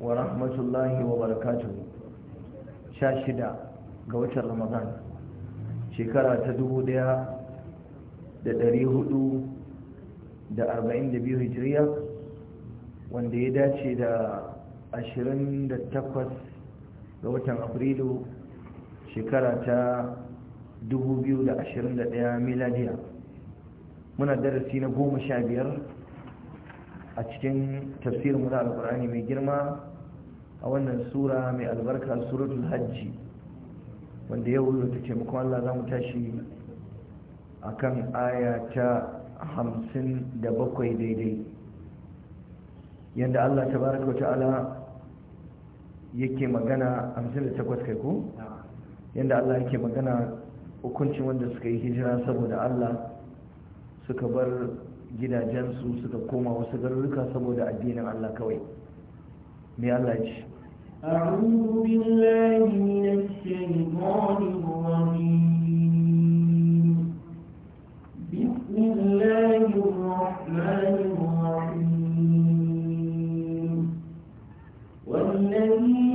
wa rahmatullahi wa barakatuhu sha shida ga watan ramadan shekara ta dubu daya da dari hudu da arba'in da biyu hijiriya wanda ya dace da ashirin da takwas ga watan afrilu shekara ta dubu biyu da ashirin da daya miladiya muna darasi na goma sha biyar a cikin tafsirin muna alkur'ani mai girma a wannan sura mai albarka suratul hajji wanda yau da take muku Allah za mu tashi akan aya ta hamsin da bakwai daidai yadda Allah ta wa ta'ala yake magana hamsin da takwas kai ko yadda Allah yake magana hukuncin wanda suka yi hijira saboda Allah suka bar gidajensu suka koma wasu garuruka saboda addinin Allah kawai mai Allah ce أعوذ بالله من الشيطان الرجيم بسم الله الرحمن الرحيم والذين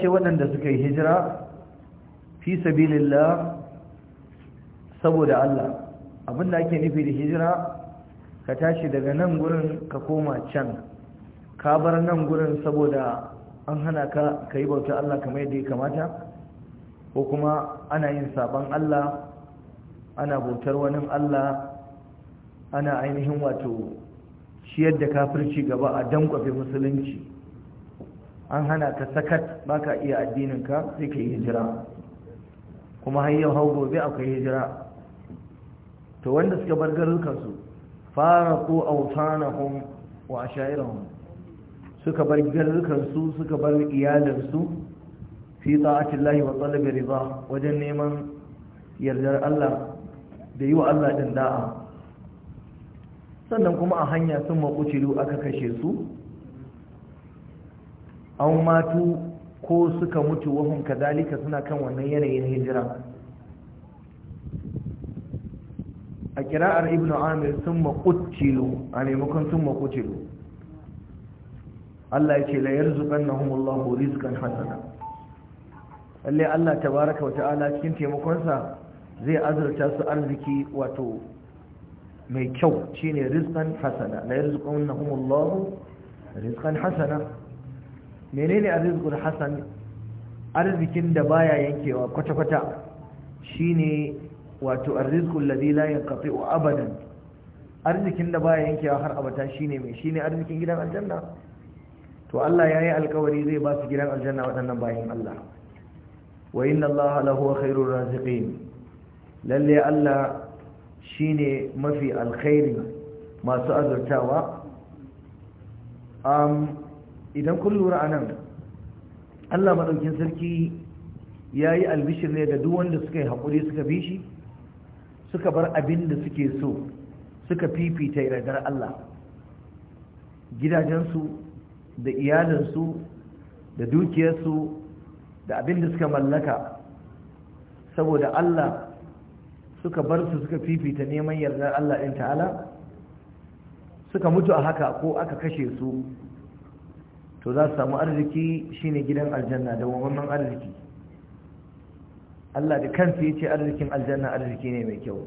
ce waɗanda suka yi hijira fi sabilillah saboda Allah abinda ake nufi da hijira ka tashi daga nan gurin ka koma can ka bar nan gurin saboda an hana ka ka yi bauta Allah kamar yadda ya kamata ko kuma ana yin saban Allah ana bautar wani Allah ana ainihin wato ciyar da kafirci gaba a dankwafe musulunci an hana ka sakat baka iya addininka sai ka yi hijira kuma har yau hau gobe akwai hijira to wanda suka bar garurukansu fara ko autanahum wa ashairahum suka bar su suka bar su fi ta'atillahi wa talabi ridha wajen neman yardar Allah da yi wa Allah din da'a sannan kuma a hanya sun makucilu aka kashe su an matu ko suka mutu wahun kazalika suna kan wannan yanayin hijira a kira'ar ibn amir sun makucilu a maimakon sun makucilu Allah ya ce na yarzuqan nahumullahu kan hasana lalle Allah tabaaraka wa ta'ala cikin taimakonsa zai azurta su arziki wato mai kyau shine rizqan hasana la yarzuqan nahumullahu rizqan hasana menene arzikul hasan arzikin da baya yankewa kwata-kwata shine wato arzikul layin kafi yanqati'u abadan arzikin da baya yankewa har abata shine mai shine arzikin gidan aljanna to Allah ya yi alkawari zai ba su gidan aljanna waɗannan bayan Allah wa inna Allah lahu khairur raziqin lalle Allah shine mafi alkhairi masu azurtawa um idan kun lura a nan allah maɗaukin sarki ya yi albishir ne da duk wanda suka yi haƙuri suka bi shi suka bar abin da suke so suka fifita yardar allah gidajensu da iyalinsu da dukiyarsu da abin da suka mallaka saboda allah suka bar su suka fifita neman yardar allah ɗin ta'ala suka mutu a haka ko aka kashe su to za su samu arziki shine gidan aljanna da wannan arziki Allah da kansa ce arzikin aljanna arziki ne mai kyau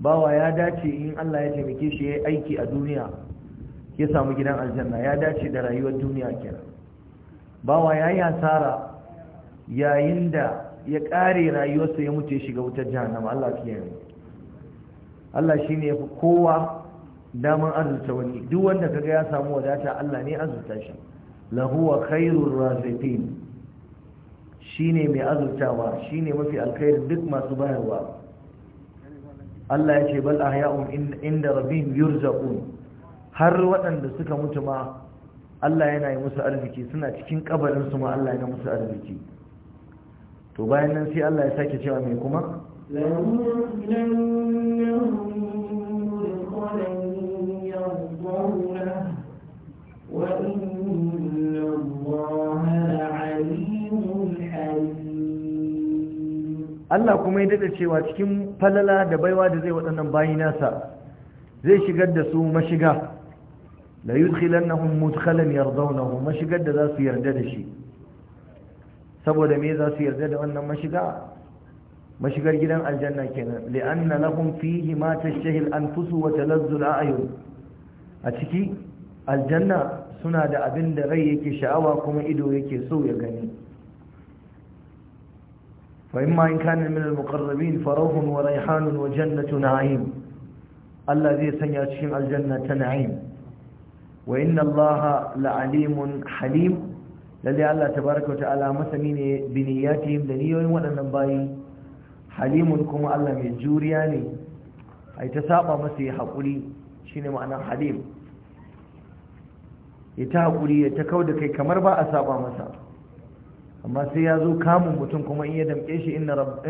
bawa ya dace in Allah ya taimake shi ya aiki a duniya ya samu gidan aljanna ya dace da rayuwar duniya kenan bawa yayi hasara yayin da ya kare rayuwarsa ya mutu ya shiga wutar jahannama Allah kiyaye Allah shine fi kowa daman azurta wani duk wanda kaga ya samu wadata Allah ne azurta shi lahuwa khairur rafitin ne mai azurtawa shine mafi alkhairin duk masu bayarwa Allah ya ce bal ahya'un inda rabin yurzaqun har waɗanda suka mutu ma Allah yana yi musu arziki suna cikin kabarinsu ma Allah yana musu arziki to bayan nan sai Allah ya sake cewa mai kuma Allah kuma ya daɗa cewa cikin falala da baiwa da zai waɗannan bayi nasa zai shigar da su mashiga la yudkhilannahum mudkhalan yardawnahu mashigar da za su yarda da shi saboda me za su yarda da wannan mashiga mashigar gidan aljanna kenan li'anna lahum fihi ma tashtahi al-anfusu wata talazzu al-a'yun a ciki aljanna suna da abin da rai yake sha'awa kuma ido yake so ya gani فإما إن كان من المقربين فروح وريحان وجنة نعيم الذي سيأتشم الجنة نعيم وإن الله لعليم حليم للي الله تبارك وتعالى مثمين بنياتهم دنيوين ولنباي حليم كما الله من جورياني أي تساقى مسيح قولي شين معنى حليم يتهقلي يتكودك كمربع أساقى مسيح amma sai ya zo kamun mutum kuma in ya damke shi inna rabb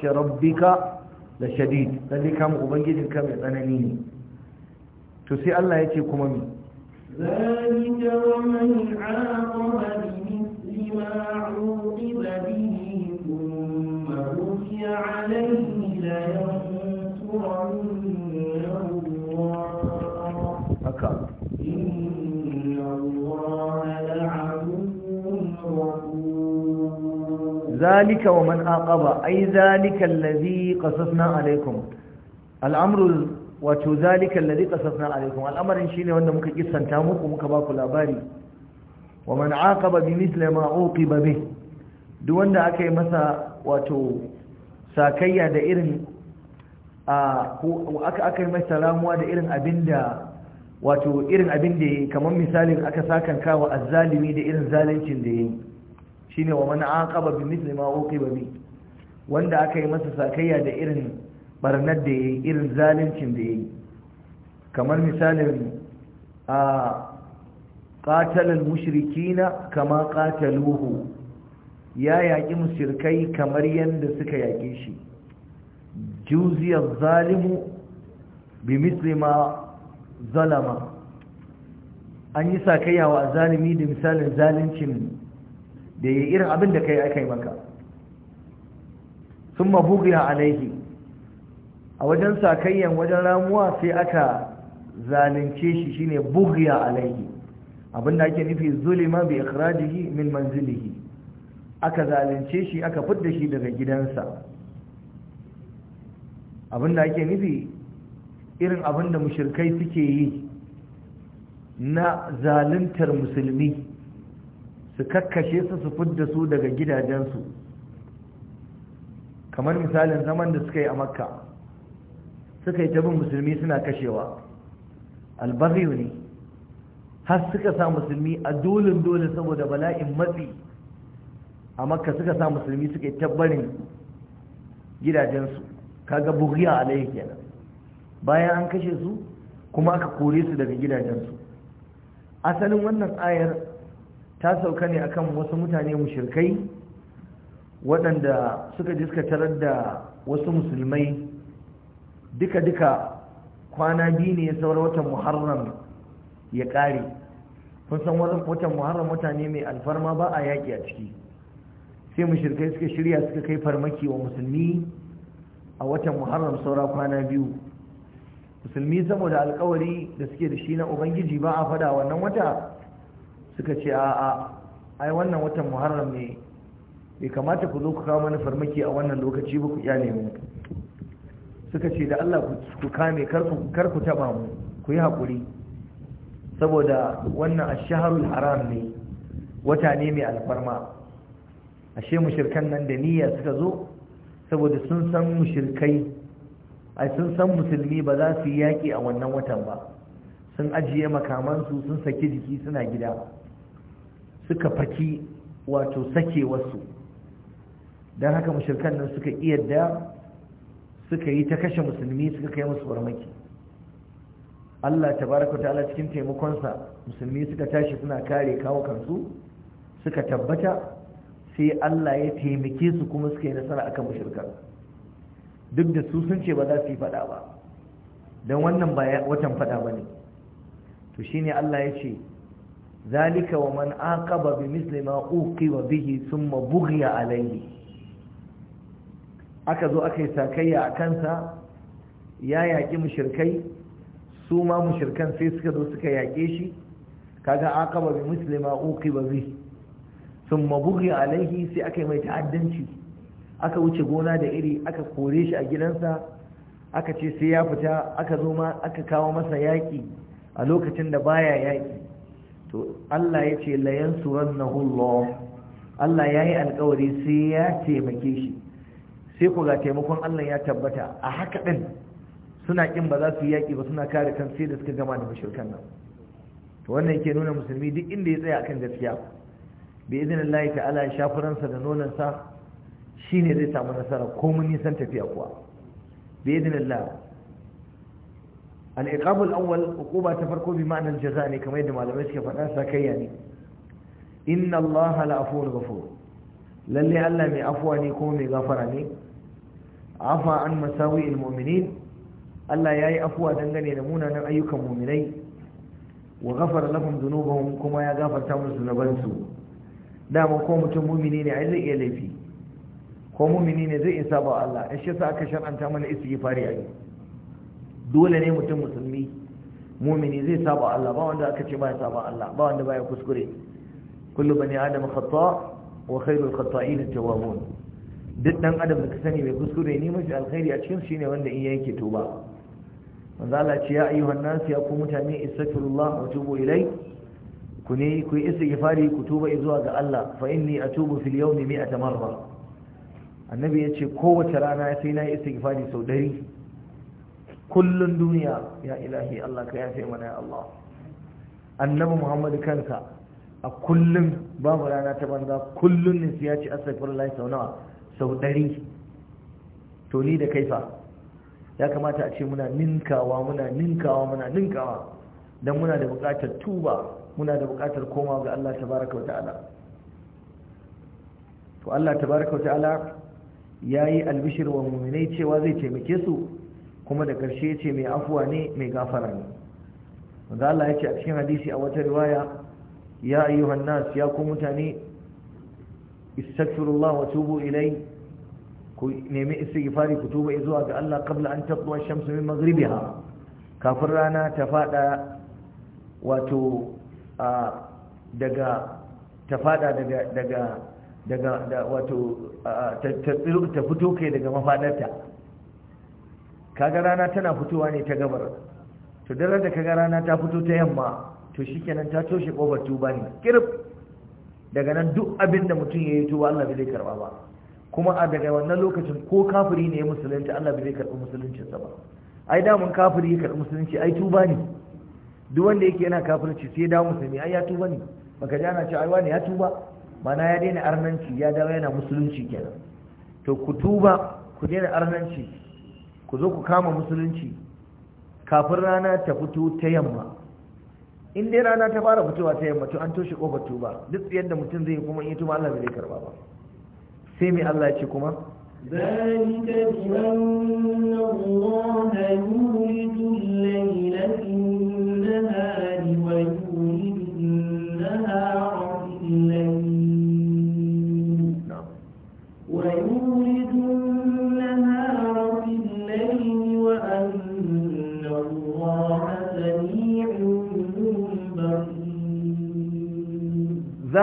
da rabbika la shadid lalle kamun ubangijin ka mai tsanani ne to sai Allah ya ce kuma mi zalika wa man 'aqa zalika wa man aqaba ai zalika allazi qasasna alaikum al'amru wato zalika allazi qasasna alaikum al'amarin shine wanda muka kissanta muku muka ba ku labari wa man aqaba bimithli ma uqiba bih duk wanda aka yi masa wato sakayya da irin a aka aka yi masa ramuwa da irin abinda wato irin abin da yayi kamar misalin aka sakanka wa azzalimi da irin zalincin da yayi shine wa man aqaba bi mithli ma uqiba bi wanda aka yi masa sakayya da irin barnar da yayi irin zalincin da yayi kamar misalin a qatalal mushrikina kama qataluhu ya yaki mushrikai kamar yanda suka yake shi juziya zalimu bi mithli ma zalama an yi sakayya wa zalimi da misalin zalincin da yi irin abin da kai aka yi maka sun mabugiya alaihi a wajen sakayyan wajen ramuwa sai aka zalunce shi shine bugiya alaihi abin da ake nufi zulima bi ikhrajihi min manzilihi aka zalunce shi aka fidda shi daga gidansa abin ake nufi irin abinda da mushirkai suke yi na zaluntar musulmi su kakkashe su su fidda su daga gidajensu kamar misalin zaman da suka yi a makka suka yi tabin musulmi suna kashewa albaghiyu ne har suka sa musulmi a dolin dole saboda bala'in matsi a makka suka sa musulmi suka yi tabbarin gidajensu kaga a alayhi kenan bayan an kashe su kuma aka kore su daga gidajensu asalin wannan ayar ta sauka ne akan wasu mutane mushirkai waɗanda suka jiska tarar da wasu musulmai duka-duka kwana biyu ne ya saura watan muharram ya ƙare kun san watan muharram mutane mai alfarma ba a yaƙi a ciki sai mushirkai suka shirya suka kai farmaki wa musulmi a watan muharram saura kwana biyu musulmi saboda alkawari da suke da shi na ubangiji ba a faɗa wannan wata suka ce a'a ai wannan watan muharram ne bai kamata ku zo ku kawo mana farmaki a wannan lokaci ba ku iyane mu suka ce da Allah ku kame kar ku taba mu ku yi haƙuri saboda wannan ashaharul haram ne wata ne mai alfarma ashe mushirkan nan da niyya suka zo saboda sun san mushirkai ai sun san musulmi ba za su yi yaƙi a wannan watan ba sun ajiye makamansu sun saki jiki suna gida suka faki wato sake wasu don haka mashirkan nan suka iya da suka yi ta kashe musulmi suka kai musu farmaki Allah tabaraka ta'ala cikin taimakonsa musulmi suka tashi suna kare kawo kansu suka tabbata sai Allah ya taimake su kuma suka yi nasara akan mashirkan duk da su sun ce ba za su yi fada ba don wannan ba watan fada ba ne to ne Allah ya ce zalika wa man aqaba bi misli ma uqiba bihi thumma bughiya alayhi aka zo aka yi sakayya a kansa ya yaƙi mushrikai su ma mushirkan sai suka zo suka yaƙe shi kaga aqaba bi muslima uqiba bi thumma bughi alaihi sai aka yi mai ta'addanci aka wuce gona da iri aka kore shi a gidansa aka ce sai ya fita aka zo ma aka kawo masa yaƙi a lokacin da baya yaƙi to Allah ya ce la na Allah ya yi alkawari sai ya taimake shi sai ku ga taimakon Allah ya tabbata a haka din suna ƙin ba za su yi yaƙi ba suna kare kan sai da suka gama da mashirkan nan to wannan yake nuna musulmi duk inda ya tsaya akan gaskiya bi ya ta'ala ya shafi ransa da nonansa shine zai samu nasara ko mun nisan tafiya kuwa bi Allah Aliƙabu iqab al-awwal hukuma ta farko bi ma'anar jaza ne kamar yadda malamai suke faɗa sa sakayya ne inna allaha la'afuwun ghafur lalle Allah mai afuwa ne kuma mai gafara ne afa an masawi'il mu'minin Allah ya yi afuwa dangane da munanan ayyukan mu'minai wa ghafara lahum dhunubahum kuma ya gafarta musu zunubansu dama ko mutum mu'mini ne ai zai iya laifi ko mu'mini ne zai isa ba Allah ya shi yasa aka shar'anta mana fari a yau dole ne mutum musulmi mumini zai saba Allah ba wanda aka ce ba ya saba Allah ba wanda ba ya kuskure kullu bani adam khata wa khairul khata'in at-tawwabun duk dan adam da ka sani mai kuskure ne mafi alkhairi a cikin shine wanda in yake tuba manzo Allah ce ya ayyuhan nas ya ku mutane istaghfirullah wa tubu ilai ku ne ku istighfari ku tuba zuwa ga Allah fa inni atubu fil yawmi 100 marra annabi yace kowace rana sai na yi istighfari sau 100 kullun duniya ya ilahi Allah ka yafe mana ya Allah annabi Muhammad kansa a kullum babu rana ta banza kullun ne ya ci lai sau nawa sau ɗari to ni da kaifa ya kamata a ce muna ninkawa muna ninkawa muna ninkawa don muna da buƙatar tuba muna da buƙatar komawa ga Allah tabaaraka ta'ala to Allah tabaraka wa ta'ala yayi albishir wa mu'minai cewa zai taimake su kuma da ƙarshe ya ce mai afuwa ne mai gafara ne wanda ya ce a cikin hadisi a wata riwaya ya yi hannas ya ku mutane istagfirullah wa tubu ilai ku nemi istagfari ku tuba zuwa ga Allah kabla an tabbuwa shamsu min maghribiha kafin rana ta fada wato daga ta fada daga wato ta fito kai daga mafadarta kaga rana tana fitowa ne ta gabar to daren da kaga rana ta fito ta yamma to shikenan ta toshe kofar tuba ne kirif daga nan duk abin da mutum ya yi tuba Allah bai karba ba kuma a daga wannan lokacin ko kafiri ne ya musulunci Allah bai karba musulunci musuluncinsa ba ai da mun kafiri ya musulunci ai tuba ne duk wanda yake yana kafirci sai da musulmi ai ya tuba ne baka ji ana cewa ai wani ya tuba mana ya daina arnanci ya dawo yana musulunci kenan to ku tuba ku daina arnanci ku zo ku kama musulunci kafin rana ta fito ta yamma in dai rana ta fara fitowa ta yamma to an toshe kofar tuba duk yadda mutum zai kuma in yi tuba Allah zai karba ba sai mai Allah ya ce kuma ذلك بأن الله يولد الليل في النهار ويولد النهار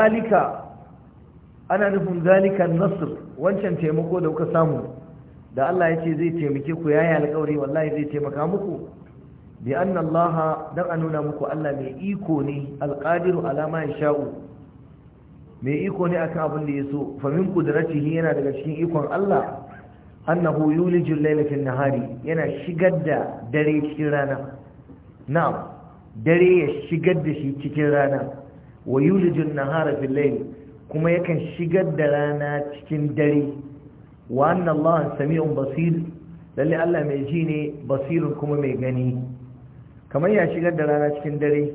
zalika ana nufin zalika nasr wancan taimako da kuka samu da Allah ya ce zai taimake ku yayi alƙawari wallahi zai taimaka muku bi anna Allah dan a nuna muku Allah mai iko ne alqadiru ala ma yasha'u mai iko ne akan abin da yaso fa min qudratihi yana daga cikin ikon Allah annahu Yuli, layla fil nahari yana shigar da dare cikin rana na'am dare ya shigar da shi cikin rana wa yulijin na harafin layl kuma yakan shigar da rana cikin dare wa anna Allah sami'un basir lalle Allah mai ji ne basirun kuma mai gani kamar ya shigar da rana cikin dare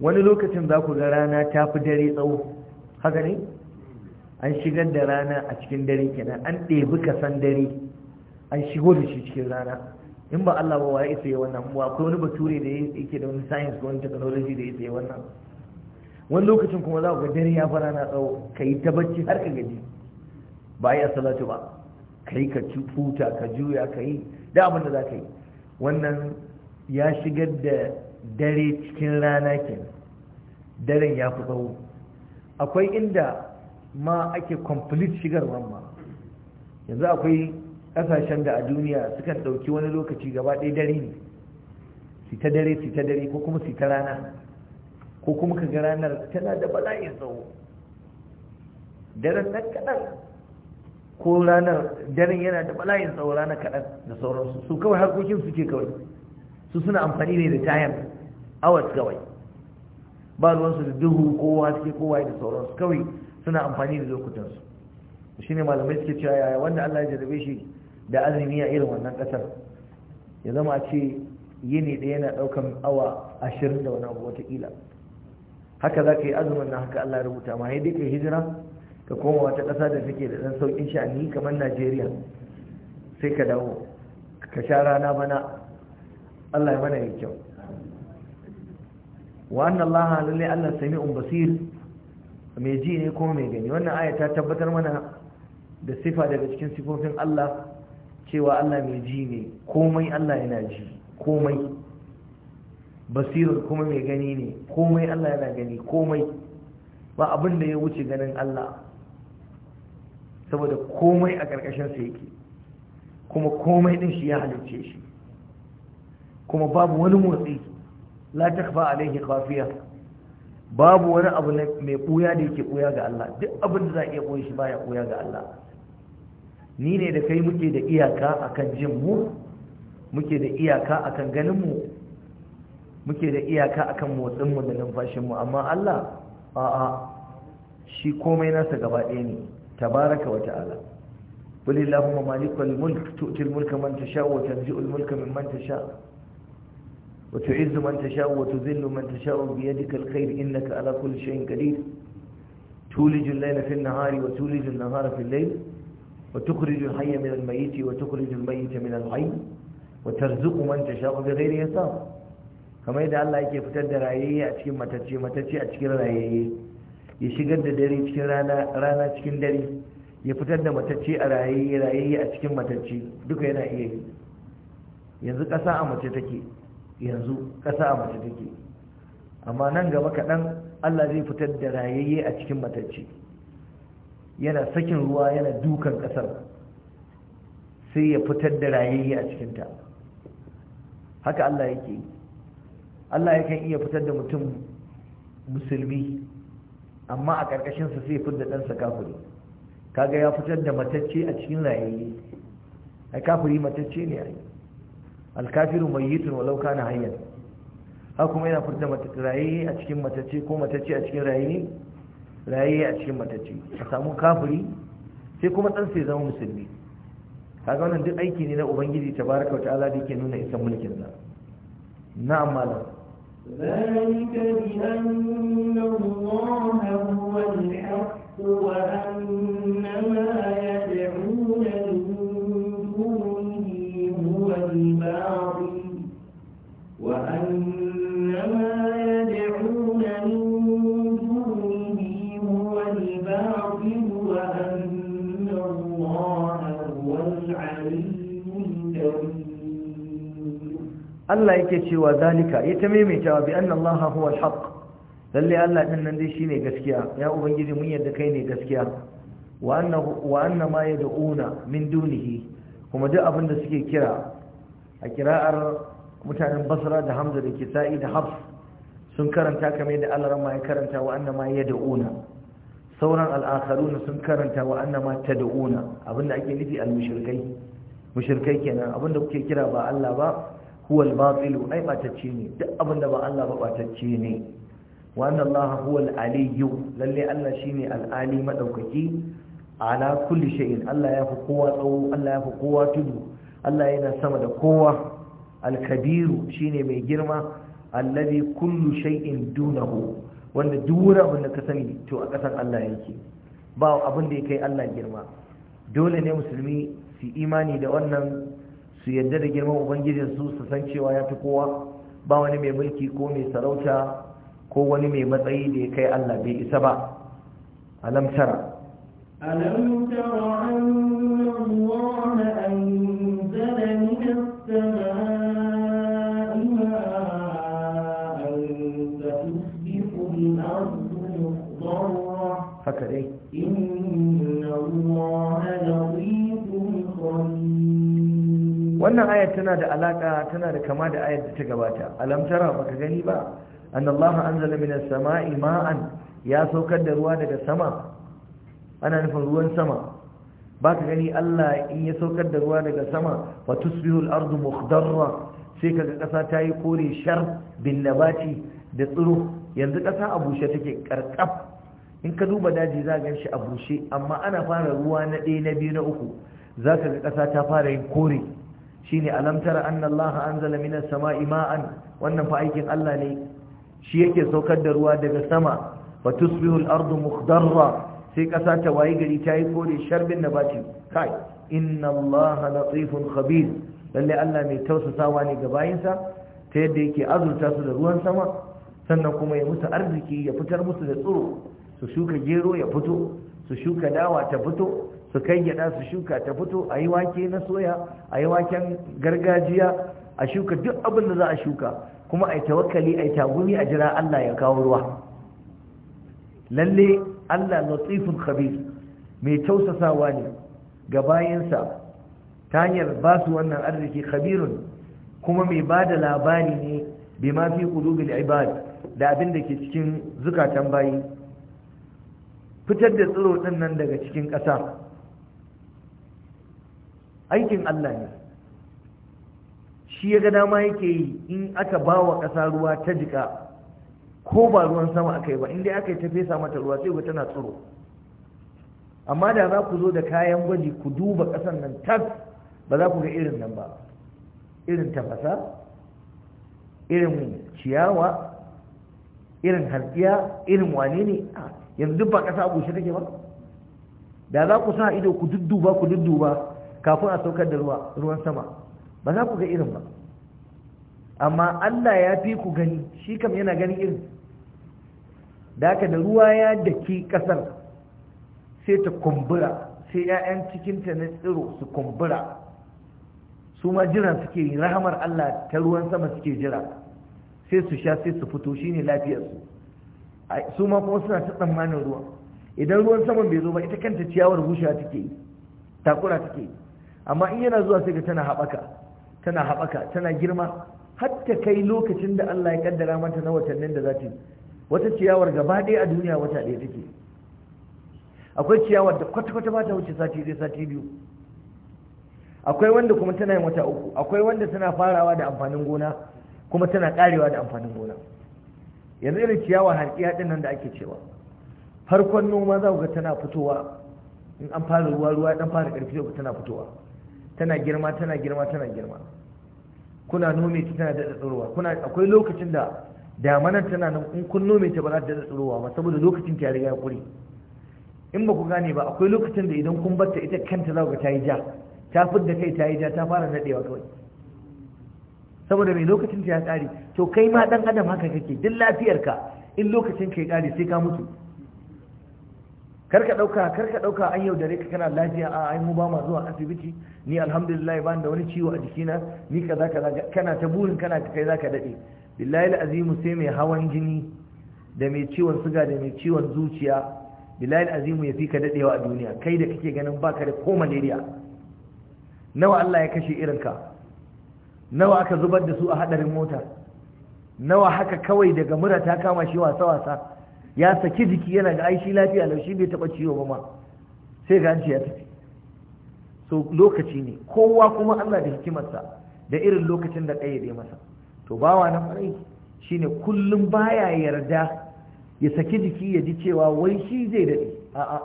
wani lokacin za ku ga rana ta fi dare tsawo haka ne an shigar da rana a cikin dare kenan an ɗebi kasan dare an shigo da shi cikin rana in ba Allah ba wa ya isa yi wannan ba. akwai wani bature da yake da wani science ko wani technology da ya isa yi wannan wani lokacin kuma za ku ga dare ya fara na tsawo ka yi ta bacci har ka gaji ba a ya salatu ba ka yi ka cuta, ka juya ka yi da abin da za ka yi wannan ya shigar da dare cikin rana ke daren ya fi tsawo akwai inda ma ake complete shigar ma yanzu akwai kasashen da a duniya sukan ɗauki wani lokaci gaba ɗaya dare ne su ta dare su ta dare ko kuma su ta rana ko kuma ka ga ranar tana da bala'in tsawo daren nan kaɗan ko ranar daren yana da bala'in tsawo ranar kaɗan da sauransu su kawai harkokin suke kawai su suna amfani ne da tayar awas kawai ba ruwansu da duhu kowa suke kowa da sauransu kawai suna amfani da lokutansu shi ne malamai suke cewa yaya wanda Allah ya jarabe shi da azumi a irin wannan ƙasar ya zama a ce yini ɗaya yana ɗaukan awa ashirin da wani abu watakila haka za ka yi azumin na haka Allah rubuta ma haidai ka hijira ka koma wata ƙasa da take da ɗan sauƙin sha'ani kamar Najeriya sai ka dawo ka sha rana bana Allah ya mana yi kyau wa Allah lalle Allah sami'un basir mai ji ne ko mai gani wannan aya ta tabbatar mana da sifa daga cikin sifofin Allah cewa Allah mai ji ne komai Allah yana ji komai basirin kuma mai gani ne komai Allah yana gani komai ba abin da ya wuce ganin Allah saboda komai a ƙarƙashinsa yake kuma komai ɗin shi ya halice shi kuma babu wani motsi la takfa alaihi khafiya babu wani abu mai ɓuya da yake ɓuya ga Allah duk abin da za a iya ɓoye shi baya ɓuya ga Allah ni ne da kai muke da iyaka akan jin mu muke da iyaka akan ganin mu muke da iyaka akan motsinmu da numfashinmu amma Allah a'a shi komai nasa gaba ɗaya ne tabaraka wa ta'ala billahi huma malikul mulk tu'til mulka man tasha wa tanzi'ul mulka mimman tasha wa tu'izzu man tasha wa tuzillu man tasha bi yadikal khair innaka ala kulli shay'in qadir tuliju'l layla fil nahari wa tuliju'n nahara fil layl wa tukhrijul hayya minal mayyiti wa tukhrijul mayyita minal hayy وترزق من تشاء بغير يساب kamar yadda Allah yake fitar da rayayye a cikin matacce matacce a cikin rayayye ya shigar da dare cikin rana rana cikin dare ya fitar da matacce a rayayye rayayye a cikin matacce duka yana iya yi yanzu ƙasa a mace take yanzu ƙasa a mace take amma nan gaba kaɗan Allah zai fitar da rayayye a cikin matacce yana sakin ruwa yana dukan ƙasar sai ya fitar da rayayye a cikinta haka Allah yake yi Allah yakan iya fitar da mutum musulmi amma a ƙarƙashinsa sai fitar da sa kafiri kaga ya fitar da matacce a cikin rayayye ai kafiri matacce ne ai alkafiru mayyitun walau kana hayyan haka kuma yana fitar da rayayye a cikin matacce ko matacce a cikin rayayye rayayye a cikin matacce a samu kafiri sai kuma ɗansa ya zama musulmi kaga wannan duk aiki ne na ubangiji tabaraka wa ta'ala da yake nuna isan mulkin sa na'am malam ذلك بأن الله هو الحق وأن sake cewa zalika ya ta maimaitawa bi anna Allah huwa al lalle Allah din nan dai shine gaskiya ya ubangiji mun yarda kai ne gaskiya wa annahu wa anna ma yad'una min dunihi kuma duk abin da suke kira a kira'ar mutanen Basra da Hamza da Kisa'i da Hafs sun karanta kamar da Allah ma ya karanta wa anna ma yad'una sauran al sun karanta wa anna ma tad'una abinda ake nufi al-mushrikai mushrikai kenan abinda kuke kira ba Allah ba huwal Babilu ai batacce ne duk abinda ba Allah ba batacce ne wa anna Allah huwal aliyyu lalle Allah shine al-ali madaukaki ala kulli shay'in Allah ya fi kowa tsawo Allah ya fi kowa tudu Allah yana sama da kowa al-kabiru shine mai girma alladhi kullu shay'in dunahu wanda duk wani da ka sani to a kasan Allah yake ba abin da ya kai Allah girma dole ne musulmi su imani da wannan su yadda da girman ubangijin su su san cewa ya fi kowa ba wani mai mulki ko mai sarauta ko wani mai matsayi da ya kai Allah bai isa ba alam tara haka dai inna Allah latif wannan ayat tana da alaka tana da kama da ayat da ta gabata alam baka gani ba Anallahu anzala minas sama'i ma'an ya saukar da ruwa daga sama ana nufin ruwan sama baka gani Allah in ya saukar da ruwa daga sama fa tusbihu al-ardu mukhdarra sai kaga kasa ta yi kore shar bin nabati da tsiro yanzu kasa a bushe take karkaf in ka duba daji za ga shi a bushe amma ana fara ruwa na ɗaya na biyu na uku za ka ga kasa ta fara yin kore shine ne alamtar annallaha anzala minas sama'i ma'an wannan fa aikin Allah ne shi yake saukar da ruwa daga sama fa tusbihu mukdarra ardu sai ƙasa ta wayi gari ta yi kore sharbin nabati kai inna allaha latifun khabir lalle Allah mai tausasawa ne ga bayinsa ta yadda yake azurta su da ruwan sama sannan kuma ya musu arziki ya fitar musu da tsiro su shuka gero ya fito su shuka dawa ta fito su kai gyada su shuka ta fito a yi wake na soya a yi waken gargajiya a shuka duk abin da za a shuka kuma a yi tawakali a yi tagumi a jira Allah ya kawo ruwa lalle Allah latifun khabir mai tausasawa ne ga bayansa ta hanyar ba su wannan arziki khabirun kuma mai ba da labari ne bi ma fi qulubil ibad da abin da ke cikin zukatan bayi fitar da tsiro din nan daga cikin ƙasa aikin Allah ne shi ya ga dama yake yi in aka ba wa ƙasa ruwa ta jika ko ba ruwan sama aka yi ba inda aka yi ta fesa mata ruwa sai tana tsoro. amma da za ku zo da kayan gwaji ku duba ƙasan nan tas ba za ku ga irin nan ba irin tafasa irin ciyawa irin harkiya irin wane ne yanzu ba ƙasa bushe take ba da za ku sa ido ku dudduba ku dudduba kafin a saukar da ruwa ruwan sama ba za ku ga irin ba amma Allah ya fi ku gani shi kam yana ganin irin da aka da ruwa ya daki kasar sai ta kumbura sai 'ya'yan cikinta na tsiro su kumbura su ma jiran suke yi rahamar Allah ta ruwan sama suke jira sai su sha sai su fito shine lafiyarsu su ma kuma suna ta tsammanin ruwa idan ruwan saman bai zo ba ita kanta ciyawar bushewa take yi takura take yi amma in yana zuwa sai ka tana haɓaka tana haɓaka tana girma hatta kai lokacin da Allah ya kaddara mata na watannin da za ta wata ciyawar gaba ɗaya a duniya wata ɗaya take akwai ciyawar da kwata-kwata ba ta wuce sati ɗaya sati biyu akwai wanda kuma tana yin wata uku akwai wanda tana farawa da amfanin gona kuma tana ƙarewa da amfanin gona yanzu irin ciyawa harƙiya ɗin nan da ake cewa farkon noma za ku ga tana fitowa in an fara ruwa ruwa ɗan fara ƙarfi tana fitowa tana girma tana girma tana girma kuna nome ta tana daɗa tsorowa kuna akwai lokacin da damanar tana nan in kun nome ta ba za ta daɗa ba saboda lokacin ta riga ya ƙure in ba ku gane ba akwai lokacin da idan kun batta ita kanta za ku ta yi ja ta fidda kai ta yi ja ta fara naɗewa kawai saboda mai lokacin ta ya ƙare to kai ma ɗan adam haka kake duk lafiyarka in lokacin ka ya ƙare sai ka mutu karka dauka karka dauka an yaudare ka kana lafiya a ai mu ba ma zuwa asibiti ni alhamdulillah ban da wani ciwo a jikina ni kaza kaza kana ta burin kana ta kai zaka dade billahi alazimu sai mai hawan jini da mai ciwon suga da mai ciwon zuciya billahi alazimu ya fi ka dadewa a duniya kai da kake ganin baka da ko malaria nawa Allah ya kashe irin ka nawa aka zubar da su a hadarin mota nawa haka kawai daga mura ta kama shi wasa wasa ya saki jiki yana ga aishi lafiya laushi bai taba ciwo ba ma sai ga ya tafi so lokaci ne kowa kuma Allah da hikimarsa da irin lokacin da kayyade masa to bawa na farai shine kullum baya yarda ya saki jiki ya ji cewa wai shi zai dade a'a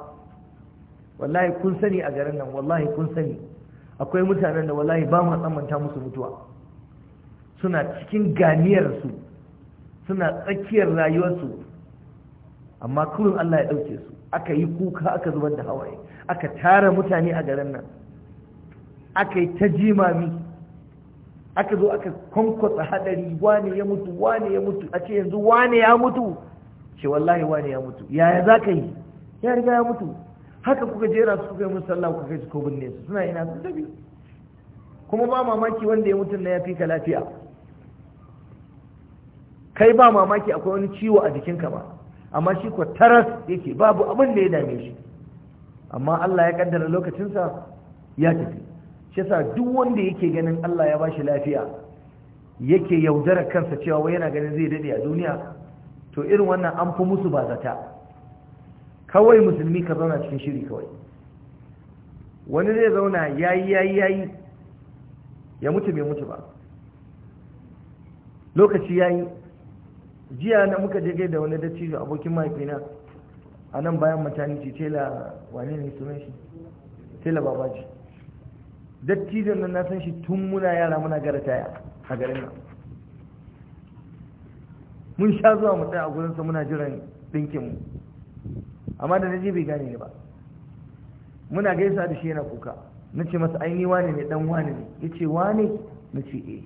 wallahi kun sani a garin nan wallahi kun sani akwai mutanen da wallahi ba mu tsammanta musu mutuwa suna cikin ganiyar su suna tsakiyar rayuwarsu amma kurin Allah ya ɗauke su aka yi kuka aka zubar da hawaye aka tara mutane a garin nan aka yi ta jimami aka zo aka kwankwasa hadari wane ya mutu wane ya mutu a ce yanzu wane ya mutu ce wallahi wane ya mutu yaya za ka yi ya riga ya mutu haka kuka jera su kuka yi musu sallah kuka kai su ko binne su suna ina sun tafi kuma ba mamaki wanda ya mutu na ya fi ka lafiya kai ba mamaki akwai wani ciwo a jikinka ba amma shi ko taras yake babu abin da ya dame shi amma Allah ya kaddara lokacinsa ya tafi shi yasa duk wanda yake ganin Allah ya bashi lafiya yake yaudara kansa cewa wai yana ganin zai dade a duniya to irin wannan an fi musu ba zata kawai musulmi ka zauna cikin shiri kawai wani zai zauna yayi yayi yayi ya mutu bai mutu ba lokaci yayi jiya na muka je da wani dattijo abokin mahaifina a nan bayan maternity tela wane ne sunan shi tela babaji dattijon nan na san shi tun muna yara muna gara taya a garin nan mun sha zuwa mu tsaya a gurinsa muna jiran ɗinkin mu amma da naji bai gane ni ba muna gaisa da shi yana kuka na ce masa aini wane ne dan wane ne ya ce wane na ce eh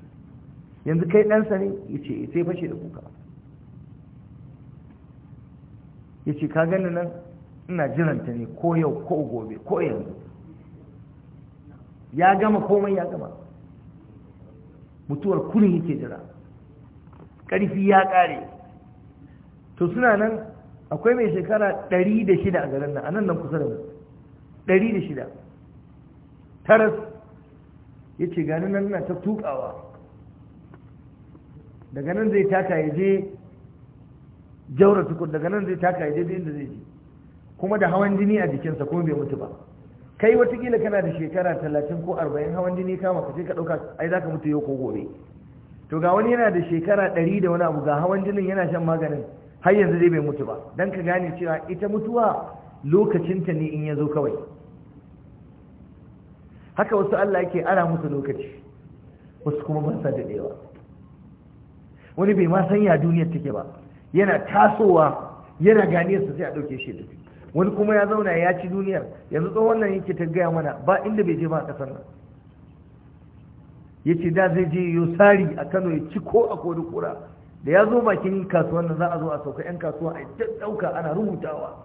yanzu kai ɗansa ne ya ce eh sai fashe da kuka ya ce ka gani nan ina jiranta ne ko yau ko gobe ko yanzu ya gama komai ya gama mutuwar kunin yake jira ƙarfi ya ƙare to suna nan akwai mai shekara ɗari da shida a garin nan a nan nan kusa da mu ɗari da shida taras ya ce gani nan na ta tukawa daga nan zai taka ya je jaura tukun daga nan zai taka ya daidai inda zai ji. kuma da hawan jini a jikinsa kuma bai mutu ba kai watakila kana da shekara talatin ko arba'in hawan jini kama ka ka ɗauka ai za ka mutu yau ko gobe to ga wani yana da shekara ɗari da wani abu ga hawan jinin yana shan maganin har yanzu zai bai mutu ba don ka gane cewa ita mutuwa lokacinta ne in ya zo kawai haka wasu Allah yake ara musu lokaci wasu kuma ba sa daɗewa wani bai ma san ya duniyar take ba yana tasowa yana ganiyarsa sai a ɗauke shi tafi wani kuma ya zauna ya ci duniyar yanzu tsohon nan yake ta gaya mana ba inda bai je ba a ƙasar nan ya ce da zai je yosari a kano ya ci ko a kori kura da ya zo bakin kasuwan nan za a zo a sauka 'yan kasuwa a ɗauka ana rubutawa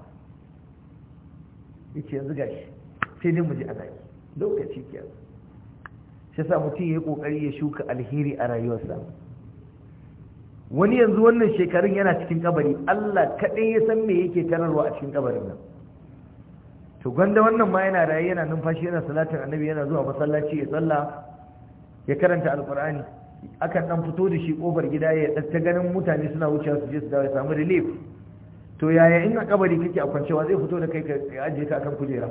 ya ce yanzu gashi sai dai mu je ana yi lokaci kiyar shi sa mutum ya yi ƙoƙari ya shuka alheri a rayuwarsa wani yanzu wannan shekarun yana cikin kabari Allah kaɗai ya san me yake tararwa a cikin kabarin nan to gwanda wannan ma yana raye yana numfashi yana salatin annabi yana zuwa masallaci ya tsalla ya karanta alkur'ani akan dan fito da shi kofar gida ya ta ganin mutane suna wucewa su je su dawo ya samu relief to yaya in a kabari kake a kwancewa zai fito da kai ka ajiye ka akan kujera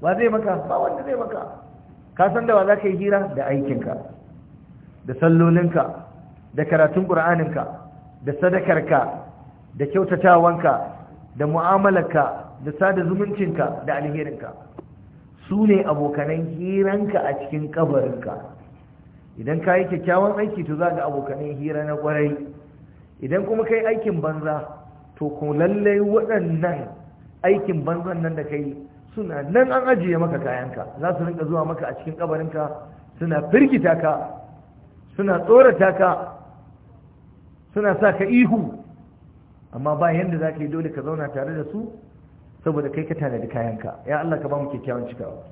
ba zai maka ba wanda zai maka ka san da wa za ka yi hira da aikinka da sallolinka da karatun ƙur'aninka da sadakarka da kyautatawanka da mu'amalarka da sada zumuncinka da alherinka su ne abokanan hiranka a cikin kabarinka idan ka yi kyakkyawan aiki to za ga abokanan hira na ƙwarai. idan kuma ka aikin banza to ku lallai waɗannan aikin banzan nan da ka yi suna nan an ajiye maka kayanka za su rinka zuwa maka a cikin kabarinka suna firgita ka suna tsorata ka suna sa ka ihu amma ba yadda za ka yi dole ka zauna tare da su saboda kai ka tanadi kayanka ya Allah ka ba mu kyakkyawan cikawa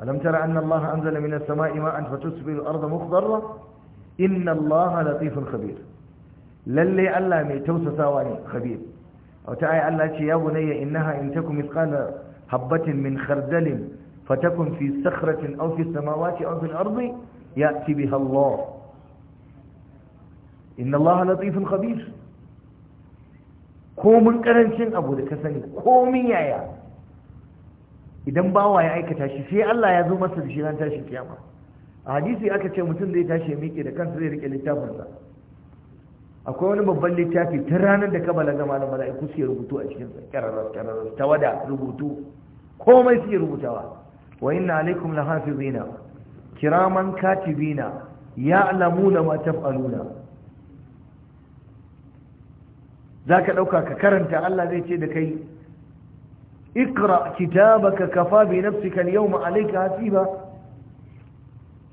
alam tara anna Allah anzala sama'i ma'an fatusbihu al-ardu mukhdarra inna Allah latifun khabir lalle Allah mai tausasawa ne khabir wata aya Allah ce ya bunayya innaha in takum mithqala habatin min khardalin fatakun fi sakhratin aw fi samawati aw fil ardi ya'ti biha Allah inna Allah latifun khabir mun karancin abu da ka sani mun yaya idan bawa ya aikata shi sai Allah ya zo masa da shi ran tashin kiyama a hadisi aka ce mutum da ya tashi ya miƙe da kansa zai rike littafinsa akwai wani babban littafi ta ranar da ka balaga malam mala'iku suke rubutu a cikin kararar kararar wada rubutu komai suke rubutawa wa inna alaikum lahafizina kiraman katibina ya'lamuna ma taf'aluna za ka ɗauka ka karanta Allah zai ce da kai ikra kitabaka kafa bi nafsika al-yawma alayka hasiba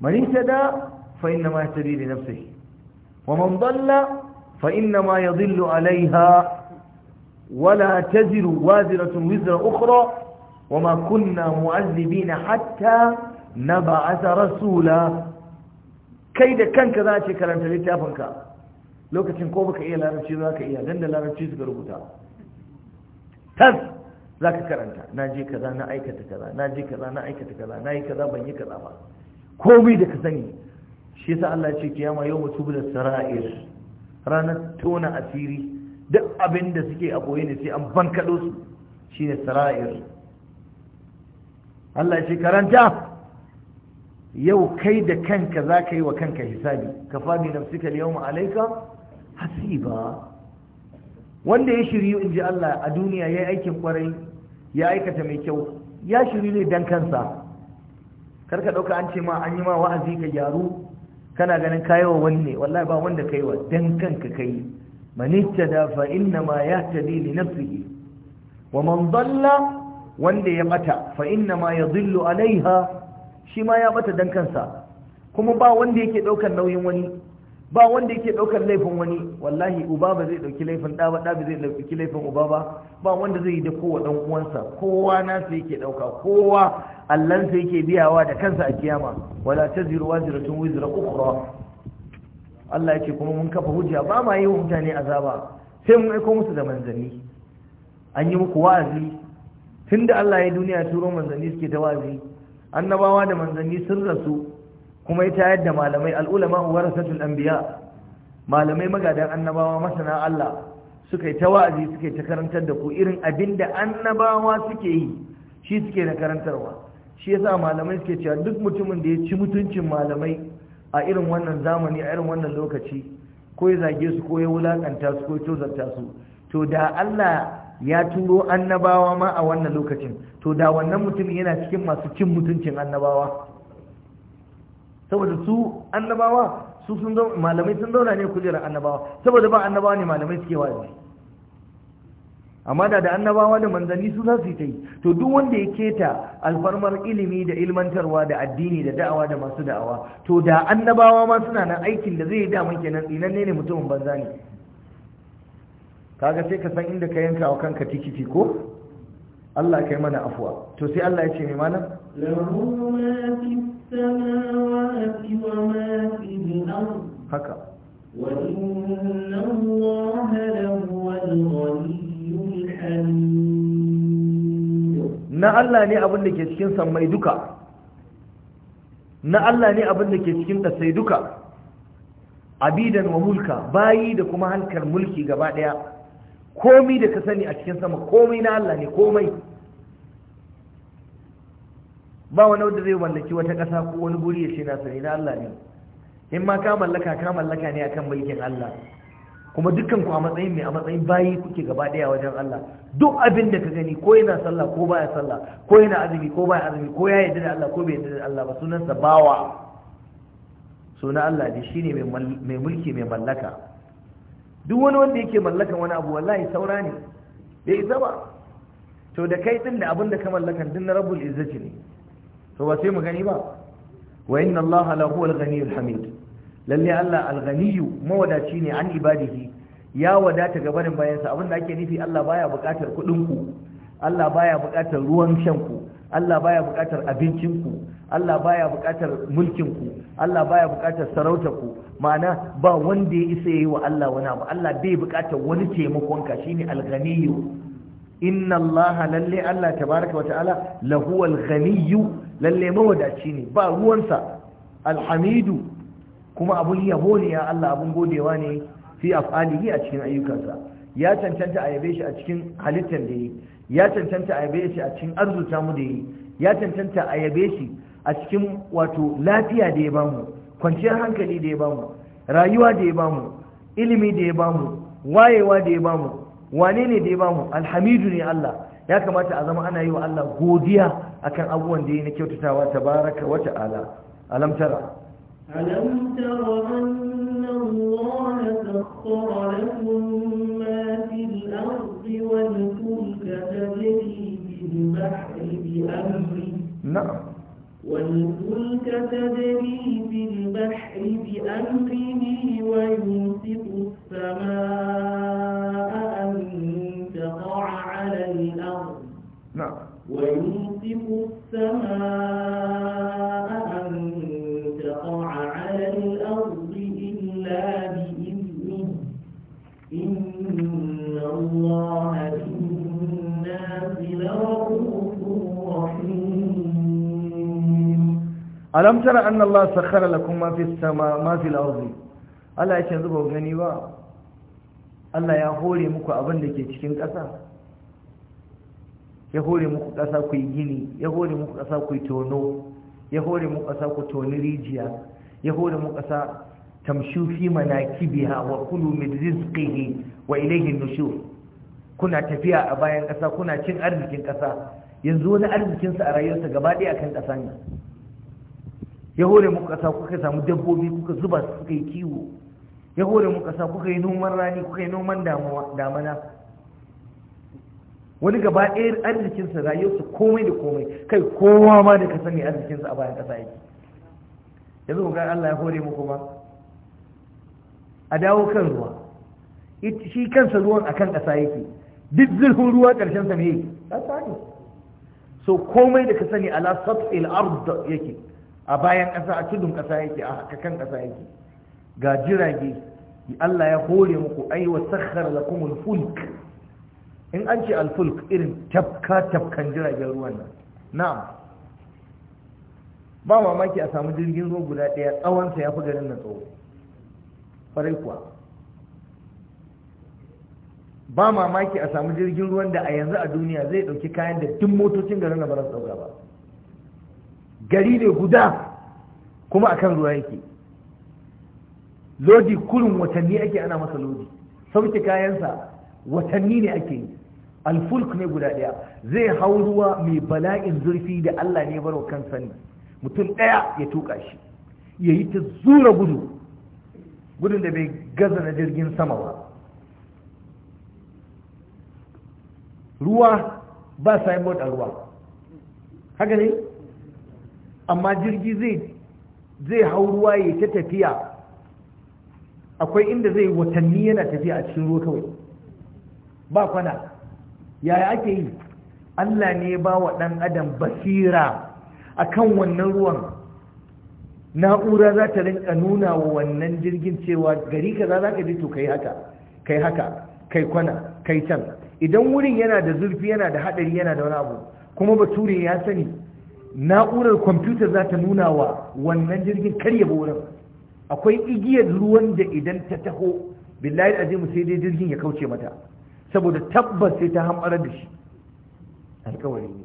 man ihtada fa inna ma yahtadi li nafsihi wa man dalla fa inna ma yadhillu alayha ولا تزر وازرة وزر أخرى وما كنا معذبين حتى نبعث رسولا كيدا كان كذا شكرا لتافنك lokacin ko baka iya larabci za ka iya dan da larabci suka rubuta tas za ka karanta na je kaza na aikata kaza na je kaza na aikata kaza na yi kaza ban yi kaza ba komai da ka sani shi sa Allah ce kiyama yau mutu da sara'ir ranar tona asiri duk abin da suke a koyi ne sai an bankaɗo su shine sara'ir Allah ce karanta yau kai da kanka za ka yi wa kanka hisabi ka fadi nafsika yau alaika hasiba wanda ya shiryu in ji Allah a duniya ya yi aikin kwarai ya aikata mai kyau ya shiryu ne dan kansa karka ɗauka an ce ma an yi ma wa'azi ka gyaru kana ganin kayawa wani ne wallahi ba wanda kai wa dan kanka kai manitta da fa inna ma yahtadi li nafsihi wa man dalla wanda ya mata fa inna ma yadhillu alaiha shi ma ya bata dankansa. kansa kuma ba wanda yake ɗaukar nauyin wani ba wanda yake daukar laifin wani wallahi uba ba zai dauki laifin da ba da zai dauki laifin uba ba ba wanda zai yi da kowa dan uwansa kowa sai yake dauka kowa sai yake biyawa da kansa a kiyama wala taziru wajratun wizra ukhra Allah yake kuma mun kafa hujja ba ma yi wa mutane azaba sai mun aiko musu da manzanni an yi muku wa'azi tunda Allah ya duniya turo manzanni suke ta wa'azi annabawa da manzanni sun rasu kuma ya tayar da malamai al'ulama warasatul anbiya malamai magadan annabawa masana Allah suka yi ta wa'azi suka yi ta karantar da ku irin abinda annabawa suke yi shi suke na karantarwa shi yasa malamai suke cewa duk mutumin da ya ci mutuncin malamai a irin wannan zamani a irin wannan lokaci ko ya zage su ko ya wulakanta su ko ya tozarta su to da Allah ya turo annabawa ma a wannan lokacin to da wannan mutumin yana cikin masu cin mutuncin annabawa saboda su annabawa su sun zo malamai sun zauna ne kujerar annabawa saboda ba annabawa ne malamai suke wayewa amma da da annabawa da manzanni su za su yi ta yi to duk wanda ya keta alfarmar ilimi da ilmantarwa da addini da da'awa da masu da'awa to da annabawa ma suna nan aikin da zai yi daman kenan tsinanne ne mutumin banza ne kaga sai ka san inda ka yanka wa kanka tikiti ko Allah kai mana afuwa to sai Allah ya ce mai malam له ما في السماوات وما في الأرض هكا وإن الله لهو الغني na Allah ne abin da ke cikin sammai duka na Allah ne abin da ke cikin sai duka abidan wa mulka bayi da kuma halkar mulki gaba ɗaya komi da ka sani a cikin sama komai na Allah ne komai ba wani wanda zai mallaki wata ƙasa ko wani guri ya ce na sani na Allah ne in ma ka mallaka ka mallaka ne akan mulkin Allah kuma dukkan ku a matsayin mai a matsayin bayi kuke gaba daya wajen Allah duk abin da ka gani ko yana sallah ko baya sallah ko yana azumi ko baya azumi ko ya yarda da Allah ko bai yarda da Allah ba sunansa bawa suna Allah ne shine mai mulki mai mallaka duk wani wanda yake mallakan wani abu wallahi saura ne bai isa ba to da kai din da abin da ka mallakan din na rabbul izzati ne to ba sai mu gani ba wa inna Allah la huwa al-ghaniyyul hamid lalle Allah al mawadaci ne an ibadihi ya wadata gabanin bayansa abinda ake nufi Allah baya buƙatar kuɗin ku Allah baya buƙatar ruwan shan ku Allah baya buƙatar abincin ku Allah baya buƙatar mulkin ku Allah baya buƙatar sarautar ku ma'ana ba wanda ya isa yi wa Allah wani abu Allah bai buƙatar wani taimakon ka shine al inna Allaha lalle Allah tabaraka wa ta'ala lahuwal ghaniyyu lalle mawadaci ne ba ruwansa alhamidu kuma abun yabo ne ya Allah abun godewa ne fi af'alihi a cikin ayyukansa ya cancanta a yabe shi a cikin halittar da yi ya cancanta a yabe shi a cikin arzuta mu da yi ya cancanta a yabe shi a cikin wato lafiya da ya bamu kwanciyar hankali da ya bamu rayuwa da ya bamu ilimi da ya bamu wayewa da ya bamu wane ne da ya bamu alhamidu ne Allah ya kamata a zama ana yi wa Allah godiya akan abubuwan da ya na kyautatawa tabaraka wa ta'ala alam tara alam tara والفلك تجري في البحر بأمره ويمسك السماء السماء أن تقع على الأرض إلا بإذنه إن الله بالناس لرؤوف رحيم ألم ترى أن الله سخر لكم ما في السماء ما في الأرض Allah ya ce zuba gani ba Allah ya hore muku abin da ke cikin ya hore muku ƙasa ku yi gini ya hore muku ƙasa ku yi tono ya hore muku ƙasa ku toni rijiya ya hore muku ƙasa tamshu fi manakibiha wa kulu min rizqihi wa ilayhi nushur kuna tafiya a bayan ƙasa kuna cin arzikin ƙasa yanzu wani arzikinsa a rayuwarsa gaba ɗaya akan ƙasa ne ya hore muku ƙasa kuka samu dabbobi kuka zuba su kuka yi kiwo ya hore muku ƙasa kuka yi noman rani kuka yi noman damana wani gaba ɗaya arzikinsa rayuwarsa komai da komai kai kowa ma da ka sani arzikinsa a bayan ƙasa yake yanzu ga Allah ya hore mu kuma? a dawo kan ruwa shi kansa ruwan akan ƙasa yake duk zurfin ruwa ƙarshen sa me yake ƙasa ne so komai da ka sani ala satil ard yake a bayan ƙasa a tudun ƙasa yake a kan ƙasa yake ga jirage Allah ya hore muku ai wa sakhkhara lakumul fulk in an ce alfulk irin tafka tafkan jiragen ruwan nan na'am ba mamaki a samu jirgin ruwa guda ɗaya tsawonsa ya fi garin na tsawo farai kuwa ba mamaki a samu jirgin ruwan da a yanzu a duniya zai ɗauki kayan da duk motocin garin na ba za ba gari ne guda kuma akan ruwa yake lodi kurin watanni ake ana masa lodi sauke kayansa watanni ne ake yi alfulk ne guda ɗaya zai hau ruwa mai bala'in zurfi da Allah ne barwa kan sani mutum ɗaya ya tuka shi ya yi ta zura gudu gudun da bai gaza na jirgin sama ba ruwa ba signboard a ruwa haka ne amma jirgi zai zai hau ruwa ya ta tafiya akwai inda zai watanni yana tafiya a cikin ruwa kawai ba kwana yaya ake yi Allah ne ba wa ɗan adam basira akan wannan ruwan na'ura za ta rinka nuna wa wannan jirgin cewa gari ka za ka ji to kai haka kai haka kai kwana kai can idan wurin yana da zurfi yana da haɗari, yana da wani abu kuma bature ya sani na'urar kwamfuta za ta nuna wa wannan jirgin karya ba wurin akwai igiyar ruwan da idan ta taho billahi azimu sai dai jirgin ya kauce mata saboda tabbas sai ta hamɓarar da shi alkawari ne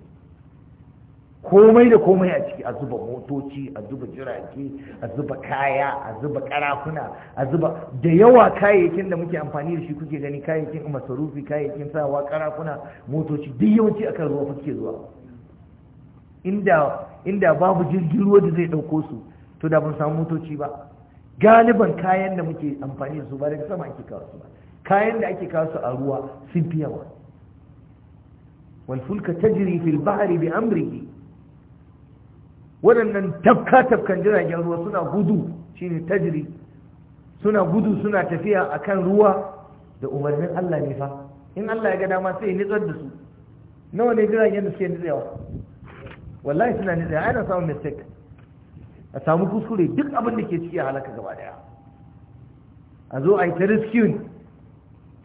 komai da komai a ciki a zuba motoci a zuba jirage a zuba kaya a zuba karafuna a zuba da yawa kayayyakin da muke amfani da shi kuke gani kayayyakin masarufi kayayyakin sawa karafuna motoci duk yawanci a kan ruwa suke zuwa inda inda babu jirgin ruwa da zai ɗauko su to da ban samu motoci ba galiban kayan da muke amfani da su ba daga sama ake kawo su ba kayan da ake kasu a ruwa sun fi yawa walfulka tajri fil bahri bi amrihi waɗannan tafka tafkan jiragen ruwa suna gudu shine tajiri suna gudu suna tafiya akan ruwa da umarnin Allah ne fa in Allah ya ga dama sai nitsar da su nawa ne jiragen da suke nitsewa wallahi suna nitsewa ana samun mistake a samu kuskure duk abin da ke ciki halaka gaba daya a zo a yi ta rescue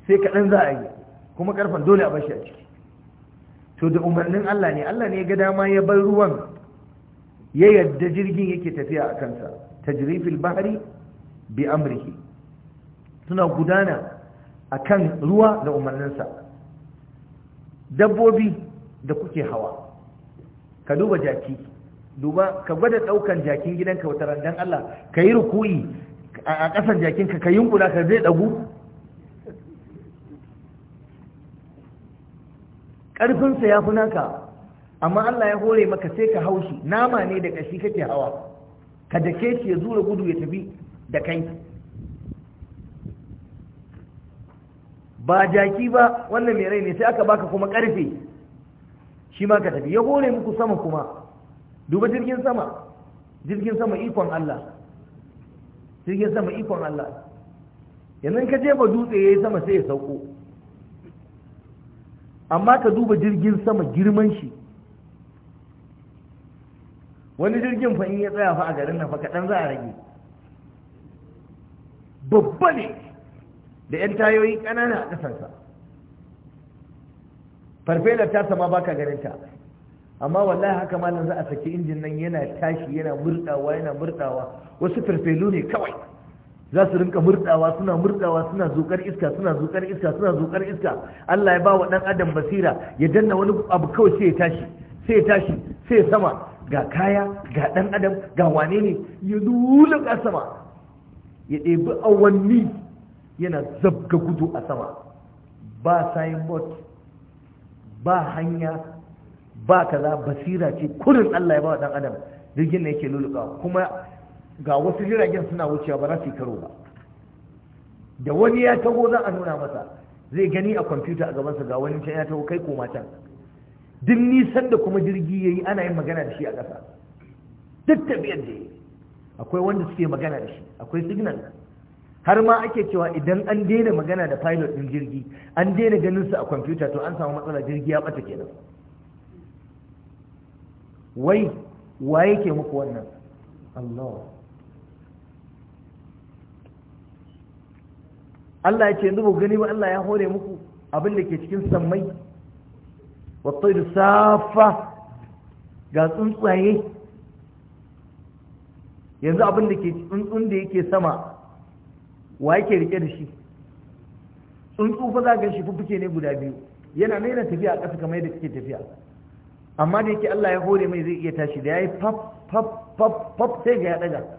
sai kaɗan za a yi kuma ƙarfen dole a bashi a ciki to da umarnin Allah ne Allah ne ga dama ya bar ruwan ya yadda jirgin yake tafiya a kansa tajrifil bahari bi amrihi suna gudana a kan ruwa da umarninsa dabbobi da kuke hawa ka duba jaki duba ka gwada ɗaukar jakin gidanka wata randan Allah ka yi ruku'i a ƙasan jakinka ka yunkula ka zai ɗagu. ƙarfinsa ya fi naka amma Allah ya hore maka sai ka haushi nama ne da ƙashi kake hawa ka dake shi ya zura gudu ya tafi da kai ba jaki ba wannan mai rai ne sai aka baka kuma ƙarfe shi ma ka tafi ya hore muku sama kuma duba jirgin sama jirgin sama ikon Allah jirgin sama ikon Allah yanzu ka jefa dutse ya yi sama sai ya sauko amma ka duba jirgin sama girman shi wani jirgin fa in ya tsaya fa a garin nan fa kaɗan za a rage babba ne da 'yan tayoyi ƙanana a ƙasarsa farfelar ta sama baka ganin ta amma wallahi haka malam za a saki injin nan yana tashi yana murɗawa yana murɗawa wasu farfelu ne kawai za su rinka murdawa suna murdawa suna zukar iska suna zukar iska suna zukar iska Allah ya ba wa dan adam basira ya danna wani abu kawai sai ya tashi sai ya tashi sai ya sama ga kaya ga dan adam ga wane ne ya ga sama ya ɗebi awanni yana zabga gudu a sama ba signboard ba hanya ba kaza basira ce kurin Allah ya ba wa dan adam jirgin ne yake lulluka kuma ga wasu jiragen suna wucewa ba za su yi karo ba da wani ya taho za a nuna masa zai gani a kwamfuta a gabansa ga wani can ya taho kai koma can duk nisan da kuma jirgi ya yi ana yin magana da shi a ƙasa duk tafiyar da ya akwai wanda suke magana da shi akwai signal har ma ake cewa idan an daina magana da pilot ɗin jirgi an daina ganin su a kwamfuta to an samu matsala jirgi ya ɓata kenan wai wa yake muku wannan Allah Allah ya ce yanzu ba gani ba Allah ya hore muku abin da ke cikin sammai wattai da safa ga tsuntsaye yanzu abin da ke tsuntsun da yake sama wa yake rike da shi tsuntsu fa za ka shi fuffuke ne guda biyu yana nan yana tafiya a ƙasa kamar yadda kake tafiya amma da yake Allah ya hore mai zai iya tashi da yayi faf faf faf faf sai ga ya daga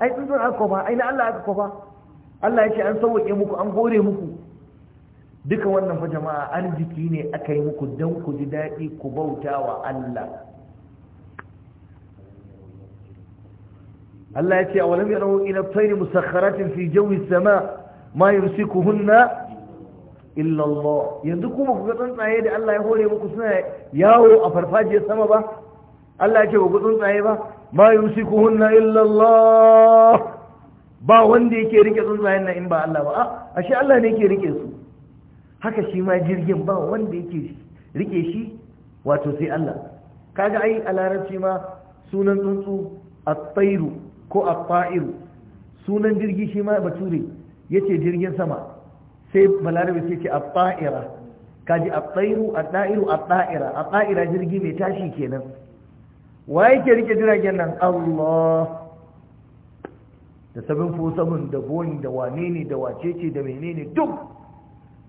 ai tsuntsun aka kofa ai na Allah aka kofa Allah ya ce an sauwake muku an gore muku duka wannan fa jama'a arziki ne aka yi muku don ku ji daɗi ku bauta wa Allah Allah ya ce a walam yarau ila tayri musakharatin fi jawi sama ma yumsikuhunna illa Allah yanzu kuma ku ga tsuntsaye da Allah ya hore muku suna yawo a farfajiyar sama ba Allah ya ce ba ku tsuntsaye ba ma yusikuhunna illa illallah, ba wanda yake rike tsuntsayen nan in ba Allah ba a ashe Allah ne yake rike su haka shi ma jirgin ba wanda yake rike shi wato sai Allah kaga ai a larabci ma sunan tsuntsu at-tairu ko at-ta'iru sunan jirgi shi ma bature yace jirgin sama sai balarabe sai ce at-ta'ira kaji at-tairu at-ta'iru at-ta'ira at-ta'ira jirgi mai tashi kenan wa yake rike jiragen nan Allah da 747 da Boeing da wane ne da wace ce da menene duk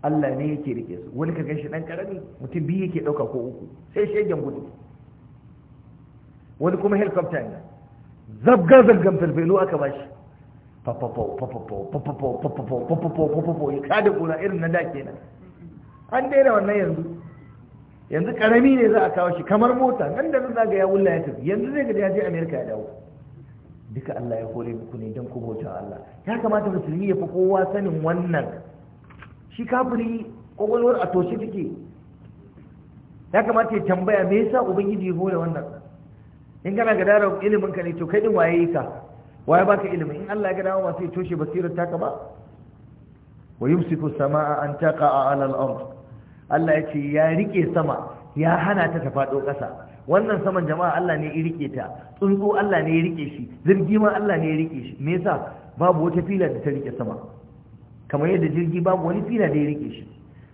Allah ne yake rike su wani ka ganshi dan karami mutum biyu yake ɗauka ko uku sai shegen gudu wani kuma helicopter ne zabga zabgan filfilo aka bashi papapo papapo papapo fafafo fafafo ya kada kula irin na da kenan an daina wannan yanzu yanzu karami ne za a kawo shi kamar mota nan da za ga ya wulla ya tafi yanzu zai ga ya je amerika ya dawo duka allah ya hore muku ne don ku bauta allah ya kamata musulmi ya fi kowa sanin wannan shi kafiri kwakwalwar a toshe take ya kamata ya tambaya me yasa ubangiji ya hore wannan in kana ga dara ilimin ka ne to kai din waye yi ka waye baka ilimi in allah ya ga dawo masu ya toshe basirar taka ba wa yumsiku sama'a an taka ala al ardh Allah ya ce ya rike sama ya hana ta ta faɗo ƙasa wannan saman jama'a Allah ne ya rike ta tsuntsu Allah ne ya rike shi jirgi ma Allah ne ya rike shi me yasa babu wata fila da ta rike sama kamar yadda jirgi babu wani fila da ya rike shi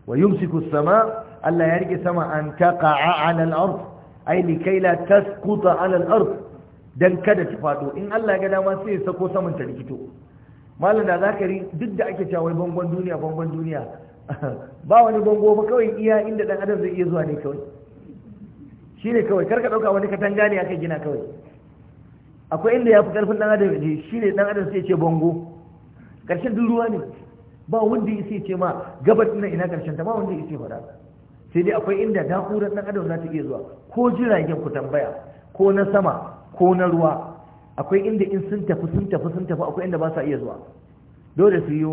wa yumsiku sama Allah ya rike sama an taqa'a 'ala al-ard ay likay la tasquta 'ala al-ard dan kada ta faɗo in Allah ya ga dama sai ya sako saman ta rikito malam da zakari duk da ake cewa wai bangon duniya bangon duniya ba wani bango ba kawai iya inda dan adam zai iya zuwa ne kawai shi ne kawai karka ɗauka wani katanga ne aka gina kawai akwai inda ya fi ƙarfin ɗan adam ne shi ne dan adam sai ce bango ƙarshen duk ruwa ne ba wanda ya sai ce ma gabar ina ina ƙarshen ta ba wanda ya sai faɗa sai dai akwai inda na'urar dan adam za ta iya zuwa ko jiragen ku tambaya ko na sama ko na ruwa akwai inda in sun tafi sun tafi sun tafi akwai inda ba sa iya zuwa dole su yi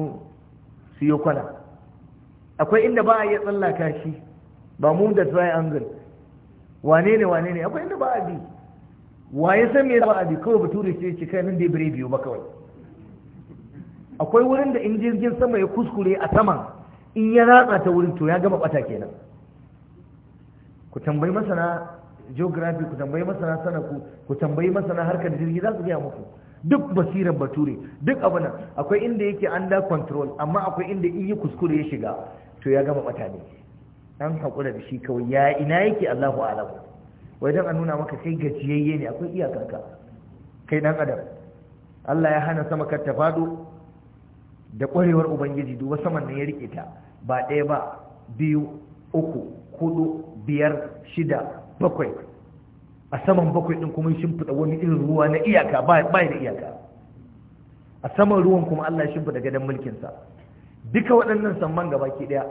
su yi kwana akwai inda ba a iya tsallaka shi ba mu da angle wane ne wane ne akwai inda ba a bi waye san me ba a bi kawai bature ce ce kai nan da bare biyo ba kawai akwai wurin da in jirgin sama ya kuskure a saman in ya ratsa ta wurin to ya gama bata kenan ku tambayi masana geography ku tambayi masana sana ku ku tambayi masana harkar jirgi za su gaya muku duk basirar bature duk abin akwai inda yake under control amma akwai inda in yi kuskure ya shiga to ya gama mutane. dan hakura da shi kawai ya ina yake Allahu alam wai dan a nuna maka kai gajiyayye ne akwai iyakarka kai dan adam Allah ya hana sama kar ta fado da ƙwarewar ubangiji duba saman nan ya rike ta ba ɗaya ba biyu uku hudu biyar shida bakwai a saman bakwai ɗin kuma fita wani irin ruwa na iyaka ba da iyaka a saman ruwan kuma Allah ya shimfiɗa gadon mulkinsa duka waɗannan samman gaba ke ɗaya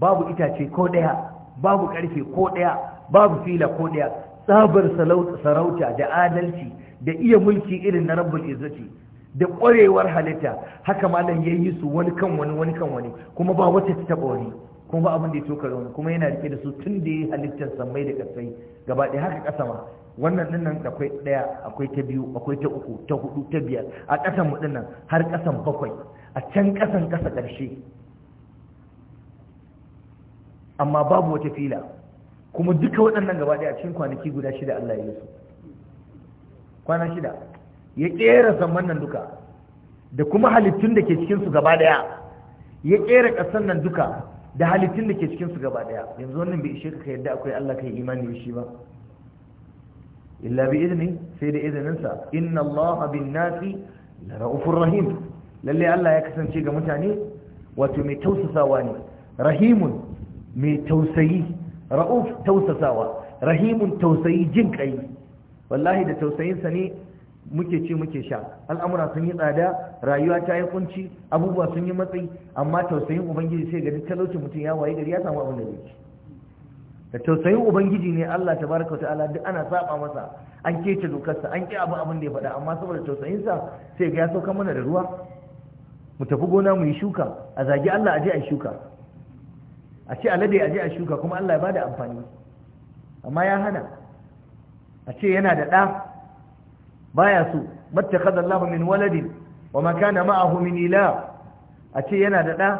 babu itace ko ɗaya babu ƙarfe ko ɗaya babu fila ko ɗaya tsabar sarauta da adalci da iya mulki irin na rabbul izzati da ƙwarewar halitta haka malam ya yi su wani kan wani wani kan wani kuma ba wata ta taɓa wani kuma ba abin da ya da wani kuma yana rike da su tun da ya yi halittar sammai da ƙasai gaba ɗaya haka ƙasa ma wannan ɗinnan akwai ɗaya akwai ta biyu akwai ta uku ta hudu ta biyar a ƙasan mu ɗinnan har ƙasan bakwai a can ƙasan ƙasa ƙarshe amma babu wata fila kuma duka waɗannan gaba ɗaya a cikin kwanaki guda shida Allah ya yi su kwana shida ya ƙera zaman nan duka da kuma halittun da ke cikinsu gaba ɗaya ya ƙera ƙasan nan duka da halittun da ke cikinsu gaba ɗaya yanzu wannan bai ishe ka yadda akwai Allah kai imani da shi ba illa bi izini sai da izininsa inna Allah bin nasi la ra'ufur rahim lalle Allah ya kasance ga mutane wato mai tausasawa ne rahimun mai tausayi ra'uf tausasawa rahimun tausayi jin kai wallahi da tausayinsa ne muke ci muke sha al'amura sun yi tsada rayuwa ta yi kunci abubuwa sun yi matsayi amma tausayin ubangiji sai ga talauci mutum ya waye gari ya samu abin da zai da tausayin ubangiji ne Allah Ta wa ta'ala duk ana saba masa an kece dokarsa an ki abu abin da ya faɗa amma saboda tausayinsa sai ga ya sauka mana da ruwa mu tafi gona mu yi shuka a zagi Allah a je a shuka a ce alade a je a shuka kuma Allah ya bada amfani amma ya hana a ce yana da ɗa baya so mattakhadha Allahu min waladin wa ma kana ma'ahu min ila a ce yana da ɗa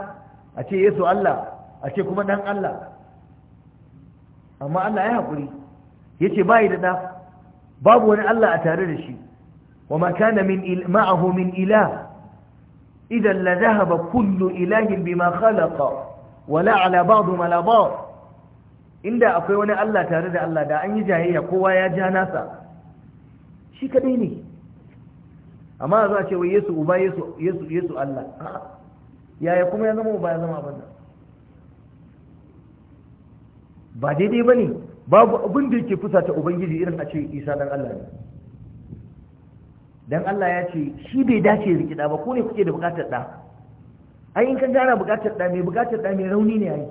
a ce yesu Allah a ce kuma dan Allah amma Allah ya haƙuri yace bai da ɗa babu wani Allah a tare da shi wa ma kana min ma'ahu min ila إذا لذهب كل إله بما خلق ولا على بعضهم على بعض inda akwai wani Allah tare da Allah da an yi jayayya kowa ya ja nasa shi kadai ne amma za a ce wai Yesu uba Yesu Yesu Yesu Allah yaya kuma ya zama uba ya zama abin ba daidai bane babu abin da yake fusata ubangiji irin a ce Isa dan Allah ne dan Allah ya ce shi bai dace riki da ba ko ne kuke da bukatar da ai in kan gara bukatar da mai bukatar da mai rauni ne ai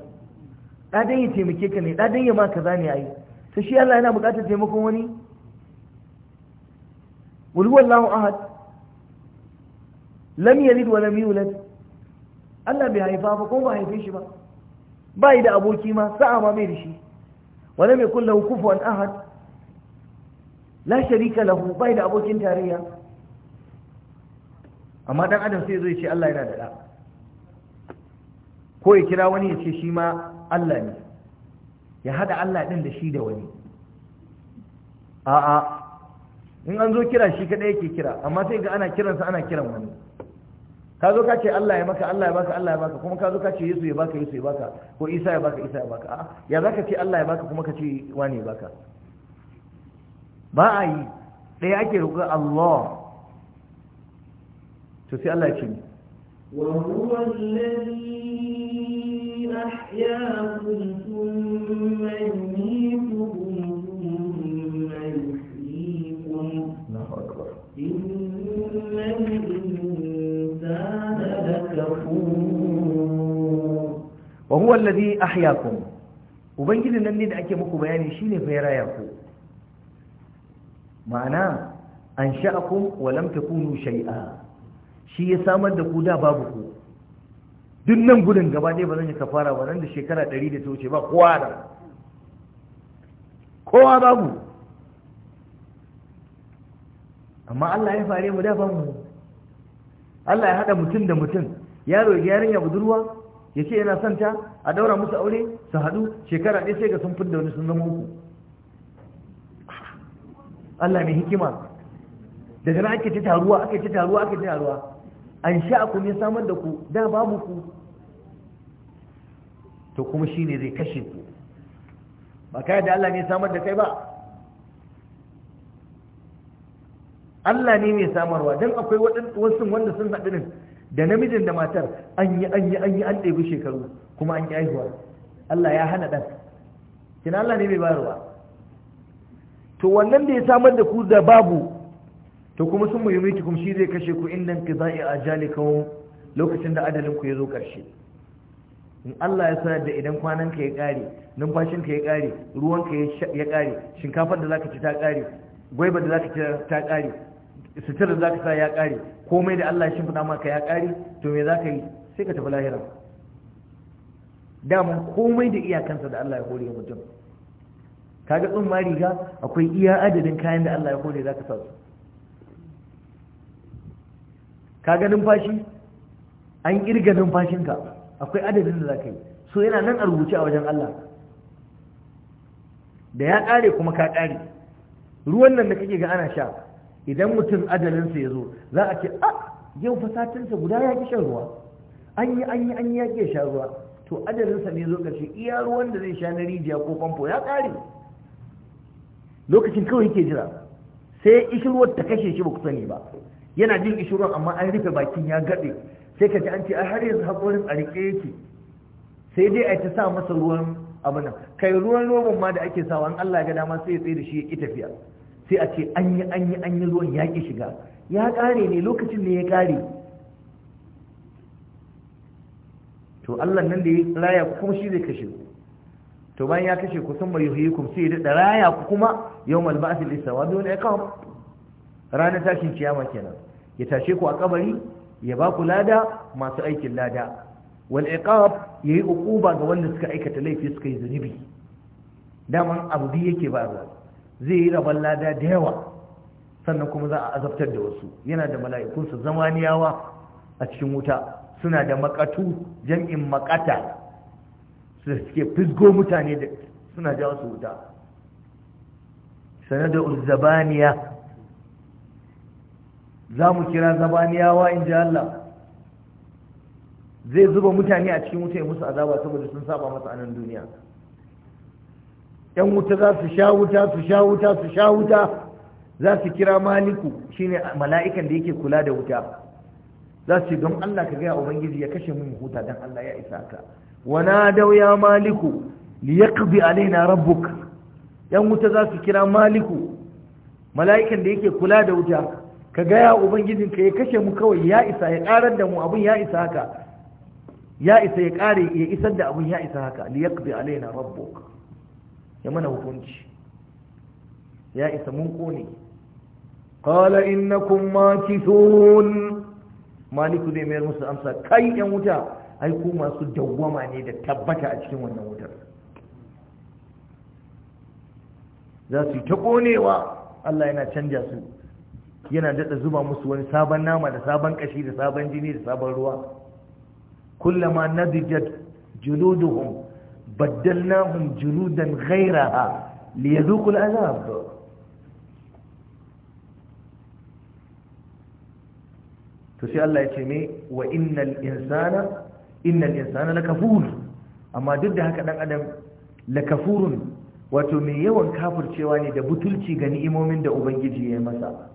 da dan yi taimake ka ne da dan ya ma kaza ne ai to shi Allah yana bukatar taimakon wani qul huwallahu ahad lam yalid wa lam yulad Allah bai haifa ba ko ba haife shi ba ba yi da aboki ma sa'a ma mai da shi wa lam yakul lahu kufuwan ahad la sharika lahu bai da abokin tarayya amma dan adam sai zai ce Allah yana da da ko ya kira wani ya ce shi ma Allah ne ya hada Allah din da shi da wani a'a in an zo kira shi kadai yake kira amma sai ga ana kiransa ana kiran wani ka zo ka ce Allah ya maka Allah ya baka Allah ya baka kuma ka zo ka ce Yesu ya baka Yesu ya baka ko Isa ya baka Isa ya baka a'a ya zaka ce Allah ya baka kuma ka ce wani ya baka ba a yi ɗaya ake roƙon Allah to sai Allah ce وهو الذي أحياكم ثم يميتكم ubangijin nan ne da ake muku bayani shine fa ya raya ku ma'ana an sha'akum wa lam takunu shay'a shi ya samar da ku da babu ku duk nan gudun gaba ɗaya ba zan yi kafara ba nan da shekara ɗari da ta wuce ba kowa da kowa babu amma Allah ya fare mu da ba mu Allah ya haɗa mutum da mutum yaro ya yarinya budurwa ya ce yana son ta a daura musu aure su haɗu shekara ɗaya sai ga sun fidda wani sun zama uku Allah mai hikima daga nan ake ta taruwa ake ta taruwa ake ta taruwa an ku ya samar da ku da babu ku to kuma shi ne zai kashe ku ba kai da Allah ne samar da kai ba Allah ne mai samarwa don akwai wasu wanda sun haɗu din da namijin da matar an yi an yi an yi an ɗebi shekaru kuma an yi aihuwa. Allah ya hana ɗan kina Allah ne mai bayarwa to wannan da ya samar da ku da babu to kuma sun muhimmiti kuma shi zai kashe ku inda za a kawo lokacin da adalinku ya zo ƙarshe in Allah ya sa da idan kwananka ya ƙare numfashinka ya ƙare ruwanka ya ƙare shinkafar da zaka ci ta ƙare gwaibar da zaka ci ta ƙare sutura da zaka sa ya ƙare komai da Allah ya shimfiɗa maka ya ƙare to me zaka yi sai ka tafi lahira Dama komai da iyakansa da Allah ya hore mutum kaga tsumma riga akwai iya adadin kayan da Allah ya hore zaka sa su ka ga numfashi an kirga numfashinka akwai adadin da za ka yi so yana nan a rubuce a wajen Allah da ya ƙare kuma ka ƙare ruwan nan da kake ga ana sha idan mutum adalinsa ya zo za a ce a ah, yau fasatinsa guda ya ki shan ruwa an yi an yi an yi ya ki sha ruwa to adalinsa ne zo ƙarshe iya ruwan da zai sha na rijiya ko famfo ya ƙare lokacin kawai yake jira sai ishi ruwan ta kashe shi ba ku sani ba yana jin kishirwan amma an rufe bakin ya gaɗe sai ka ji an ce a har yanzu haƙorin a riƙe yake sai dai a ta sa masa ruwan abu nan kai ruwan roban ma da ake sawa an Allah ga dama sai ya tsaye da shi ya ki tafiya sai a ce an yi an yi an yi ruwan ya ƙi shiga ya ƙare ne lokacin da ya ƙare to Allah nan da ya raya kuma shi zai kashe ku to bayan ya kashe ku sun mai yuhikum sai ya daɗa raya ku kuma yau yawmal ba'th lisawa dole ya kawo ranar tashin ciyama kenan ya tashe ku a kabari ya ba ku lada masu aikin lada wal iqab yayi uquba ga wanda suka aikata laifi suka yi zunubi daman abu biyu yake ba ruwa zai yi rabon lada da yawa sannan kuma za a azabtar da wasu yana da mala'ikunsa zamaniyawa a cikin wuta suna da makatu jam'in makata su suke fisgo mutane da suna jawo su wuta sanadar uzzabaniya za mu kira zabaniyawa in ji Allah zai zuba mutane a cikin wuta ya musu azaba saboda sun saba masa anan duniya yan wuta za su sha wuta su sha wuta su sha wuta za su kira maliku shine mala'ikan da yake kula da wuta za su ce don Allah ka gaya ubangiji ya kashe mun huta don Allah ya isa ka wana dau ya maliku li yaqdi alaina rabbuk yan wuta za su kira maliku mala'ikan da yake kula da wuta ka gaya ubangijin ka ya kashe mu kawai ya isa ya karar da mu abin ya isa haka ya isa ya kare ya isar da abin ya isa haka li yaqdi alaina rabbuk ya mana hukunci ya isa mun kone qala innakum makithun maliku zai mayar musu amsa kai yan wuta ai ku masu dawwama ne da tabbata a cikin wannan wutar za su yi ta konewa Allah yana canja su yana daɗa zuba musu wani sabon nama da sabon ƙashi da sabon jini da sabon ruwa kullama nadijat juluduhum baddalnahum juludan ghayraha liyadhuqul azab to sai Allah ya ce me wa innal insana innal insana lakafur amma duk da haka dan adam lakafurun wato mai yawan kafircewa ne da butulci ga ni'imomin da ubangiji ya yi masa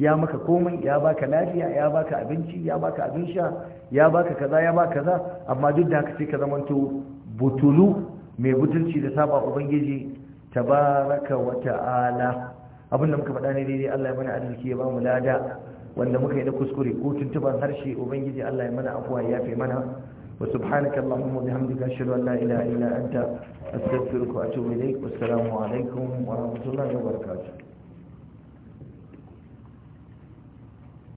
ya maka komai ya baka lafiya ya baka abinci ya baka abin sha ya baka kaza ya baka kaza amma duk da haka sai ka zamanto butulu mai butulci da saba ubangiji tabaraka wa ta'ala abinda muka faɗa ne daidai Allah ya mana arziki ya bamu lada wanda muka yi da kuskure ko tuntuban harshe ubangiji Allah ya mana afuwa ya fi mana wa subhanaka allahumma bihamdika ashhadu an la ilaha illa anta astaghfiruka wa atubu ilaik alaikum wa rahmatullahi wa barakatuh